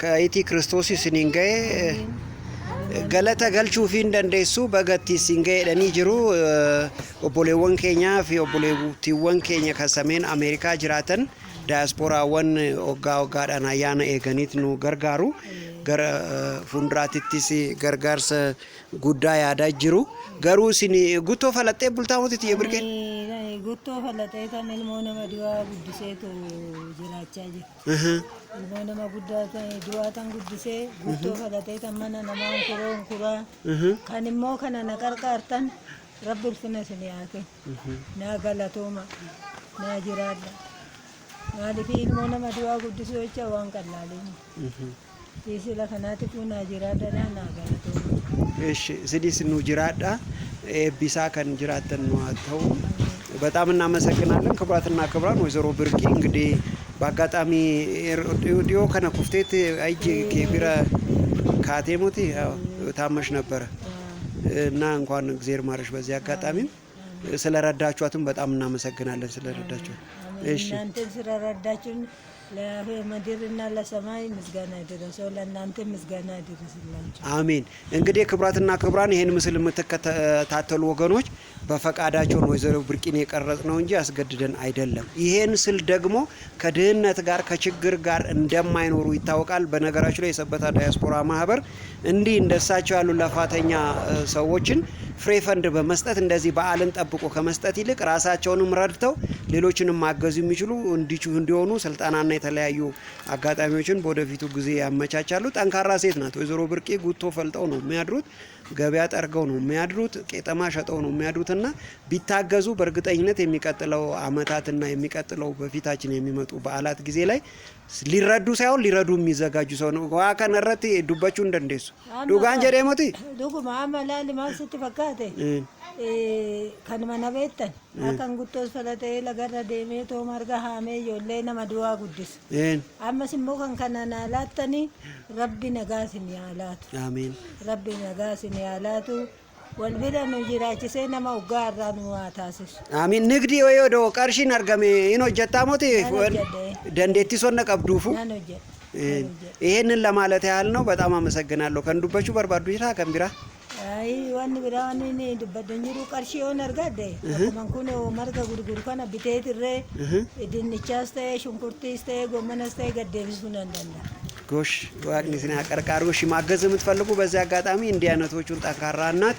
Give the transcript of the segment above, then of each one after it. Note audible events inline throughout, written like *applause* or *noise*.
ከኢቲ ክርስቶስ ኒንጋዬ ገለተ ገልቹ ፊ እንደንደሱ በገቲ ሲንገይ ደኒ ጅሩ ኦቦሌወን ኬኛ ፊ ኦቦሌቲወን ኬኛ ከሰሜን አሜሪካ ጅራተን daasporaawwan waggaa eh, waggaadhaan ayyaana eeganiit eh, nu gargaaru. Gara eh, fuulduraattis gargaarsa guddaa yaadaa jiru. Garuu isin guttoo falaxxee bultaa mootitti yemmuu ya, Guttoo falaxee kan ilmoo nama du'aa guddiseetu jiraachaa jira. Ilmoo nama dua tang guddisee guttoo mhm. falaxee kan mana namaa hunkuroo hunkuraa kan mhm. immoo kana na qarqaartan rabbi ulfina isin yaake. Mhm. Na galatooma na jiraadha. maalifiif mana maduwaa guddisuu jecha waan qallaalini. Sila kanatti kun jiraadhaa naa galatoomna. እሺ ስዲስ ኑ ጅራዳ ኤቢሳ ከን ጅራተን ነው አተው በጣም እናመሰግናለን። ክቡራትና ክቡራን ወይዘሮ ብርቂ እንግዲህ በአጋጣሚ ዲዮ ከነ ኩፍቴት አይጅ ኬቢረ ካቴሙቲ ታመሽ ነበረ እና እንኳን እግዜር ማረሽ። በዚህ አጋጣሚም ስለረዳችኋትም በጣም እናመሰግናለን ስለረዳችኋት እናንተን ስለረዳችሁን ለምድርና ለሰማይ ምስጋና ይድረሰው። ለእናንተ ምስጋና ይድረስላችሁ። አሜን። እንግዲህ ክብራትና ክብራን ይሄን ምስል የምትከታተሉ ወገኖች በፈቃዳቸው ነው ወይዘሮ ብርቂን የቀረጽ ነው እንጂ አስገድደን አይደለም። ይሄን ስል ደግሞ ከድህነት ጋር ከችግር ጋር እንደማይኖሩ ይታወቃል። በነገራችሁ ላይ የሰበታ ዳያስፖራ ማህበር እንዲህ እንደሳቸው ያሉ ለፋተኛ ሰዎችን ፍሬ ፈንድ በመስጠት እንደዚህ በዓልን ጠብቆ ከመስጠት ይልቅ ራሳቸውንም ረድተው ሌሎችንም ማገዙ የሚችሉ እንዲሆኑ ስልጠናና የተለያዩ አጋጣሚዎችን በወደፊቱ ጊዜ ያመቻቻሉ። ጠንካራ ሴት ናት ወይዘሮ ብርቂ። ጉቶ ፈልጠው ነው የሚያድሩት፣ ገበያ ጠርገው ነው የሚያድሩት፣ ቄጠማ ሸጠው ነው የሚያድሩት። እና ቢታገዙ በእርግጠኝነት የሚቀጥለው አመታትና የሚቀጥለው በፊታችን የሚመጡ በዓላት ጊዜ ላይ ሊረዱ ሳይሆን ሊረዱ የሚዘጋጁ ሰው ነው ዋ ከነረት ዱበቹ እንደንዴሱ ዱጋን ጀደሞቲ ዱጉማ መላልማ ስትፈካቴ ከንመነበጠን አካን ጉቶስ ፈለጠ ለገረ ደሜ ቶማርጋ ሀሜ ዮሌ ነመ ድዋ ጉድስ አመስ ሞ ከን ከነና ላተኒ ረቢ ነጋስን ያላቱ ረቢ ነጋስን ያላቱ Amin. Nigdi yoo doo qarshiin argame hin hojjetamuti dandeettisoon qabduufu ይሄንን ለማለት ያህል ነው። በጣም አመሰግናለሁ። ከንዱበቹ በርባዱ ይታ ከንቢራ ጎሽ ማገዝ የምትፈልጉ በዚህ አጋጣሚ እንዲህ አይነቶቹን ጠንካራ እናት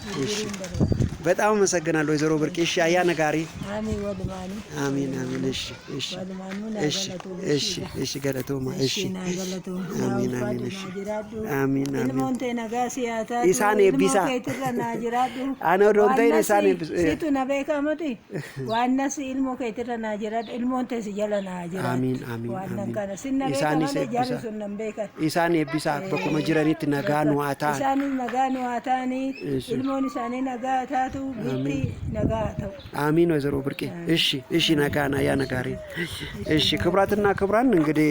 በጣም አመሰግናለሁ ወይዘሮ ብርቅ። እሺ አያ ነጋሪ አሜን፣ አሜን። እሺ እሺ እሺ እሺ እሺ ገለቶማ እሺ አሜን፣ አሜን። እሺ አሚን አሚን። ኢሳኔ ቢሳ *laughs* አነ ዶንተይን ኢሳኔ ቢሳ ሲቱ ነበይ ካመቲ ዋናስ ኢልሞ ከይትረ ናጅራድ ኢልሞን ተስ ናጅራድ አሜን፣ አሜን፣ አሜን። ኢሳኔ ቢሳ ኢሳኔ ቢሳ በኩመ ጅረኒት ነጋኑ አታ ኢሳኔ ነጋኑ አታኒ ኢልሞ ሳኔ አሚን። ወይዘሮ ብርቄ እሺ፣ እሺ፣ ነጋና ያ ነጋሪ እሺ። ክብራትና ክብራን እንግዲህ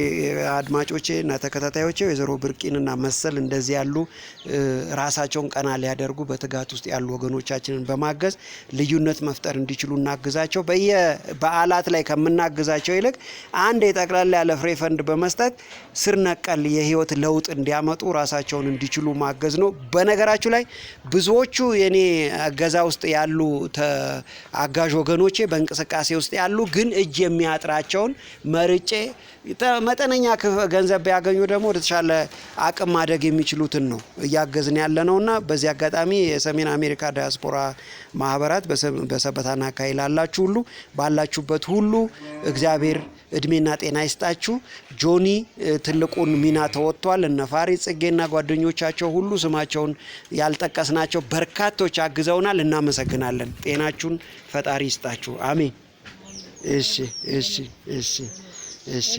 አድማጮቼ እና ተከታታዮቼ ወይዘሮ ብርቂንና መሰል እንደዚህ ያሉ ራሳቸውን ቀና ሊያደርጉ በትጋት ውስጥ ያሉ ወገኖቻችንን በማገዝ ልዩነት መፍጠር እንዲችሉ እናግዛቸው። በየበዓላት ላይ ከምናግዛቸው ይልቅ አንድ የጠቅላላ ያለ ፍሬ ፈንድ በመስጠት ስር ነቀል የህይወት ለውጥ እንዲያመጡ ራሳቸውን እንዲችሉ ማገዝ ነው። በነገራችሁ ላይ ብዙዎቹ የኔ እገዛ ውስጥ ያሉ አጋዥ ወገኖቼ በእንቅስቃሴ ውስጥ ያሉ ግን እጅ የሚያጥራቸውን መርጬ መጠነኛ ገንዘብ ቢያገኙ ደግሞ ወደ ተሻለ አቅም ማደግ የሚችሉትን ነው እያገዝን ያለ ነው እና በዚህ አጋጣሚ የሰሜን አሜሪካ ዲያስፖራ ማህበራት በሰበታና አካባቢ ላላችሁ ሁሉ ባላችሁበት ሁሉ እግዚአብሔር እድሜና ጤና ይስጣችሁ። ጆኒ ትልቁን ሚና ተወጥቷል። እነ ፋሪ ጽጌና ጓደኞቻቸው ሁሉ ስማቸውን ያልጠቀስናቸው በርካቶች አግዘውናል። እናመሰግናለን። ጤናችሁን ፈጣሪ ይስጣችሁ። አሜን። እሺ፣ እሺ፣ እሺ፣ እሺ።